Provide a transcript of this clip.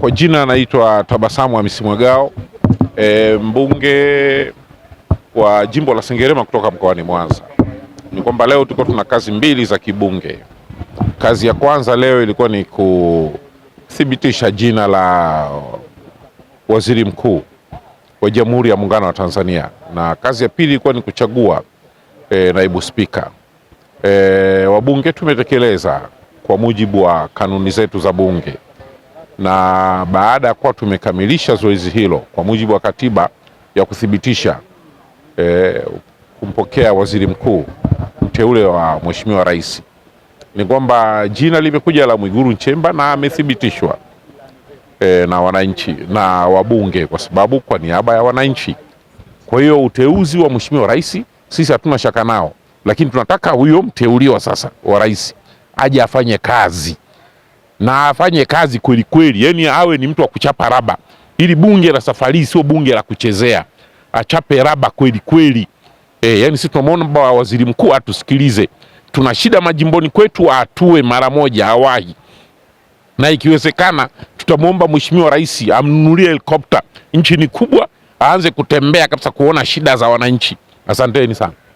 Kwa jina anaitwa Tabasamu Hamisi Mwagao, e, mbunge wa jimbo la Sengerema kutoka mkoani Mwanza. Ni kwamba leo tuko tuna kazi mbili za kibunge. Kazi ya kwanza leo ilikuwa ni kuthibitisha jina la waziri mkuu wa Jamhuri ya Muungano wa Tanzania, na kazi ya pili ilikuwa ni kuchagua e, naibu spika. E, wabunge tumetekeleza kwa mujibu wa kanuni zetu za bunge na baada ya kuwa tumekamilisha zoezi hilo kwa mujibu wa katiba ya kuthibitisha e, kumpokea waziri mkuu mteule wa mheshimiwa rais, ni kwamba jina limekuja la Mwigulu Nchemba na amethibitishwa e, na wananchi na wabunge, kwa sababu kwa niaba ya wananchi. Kwa hiyo uteuzi wa mheshimiwa rais sisi hatuna shaka nao, lakini tunataka huyo mteuliwa sasa wa rais aje afanye kazi na afanye kazi kweli kweli, yani awe ni mtu wa kuchapa raba. Ili bunge la safari sio bunge la kuchezea, achape raba kweli kweli. E, eh, yani sisi tunamwomba waziri mkuu atusikilize, tuna shida majimboni kwetu, atue mara moja, awahi na ikiwezekana tutamwomba mheshimiwa rais amnunulie helikopta. Nchi ni kubwa, aanze kutembea kabisa kuona shida za wananchi. Asanteni sana.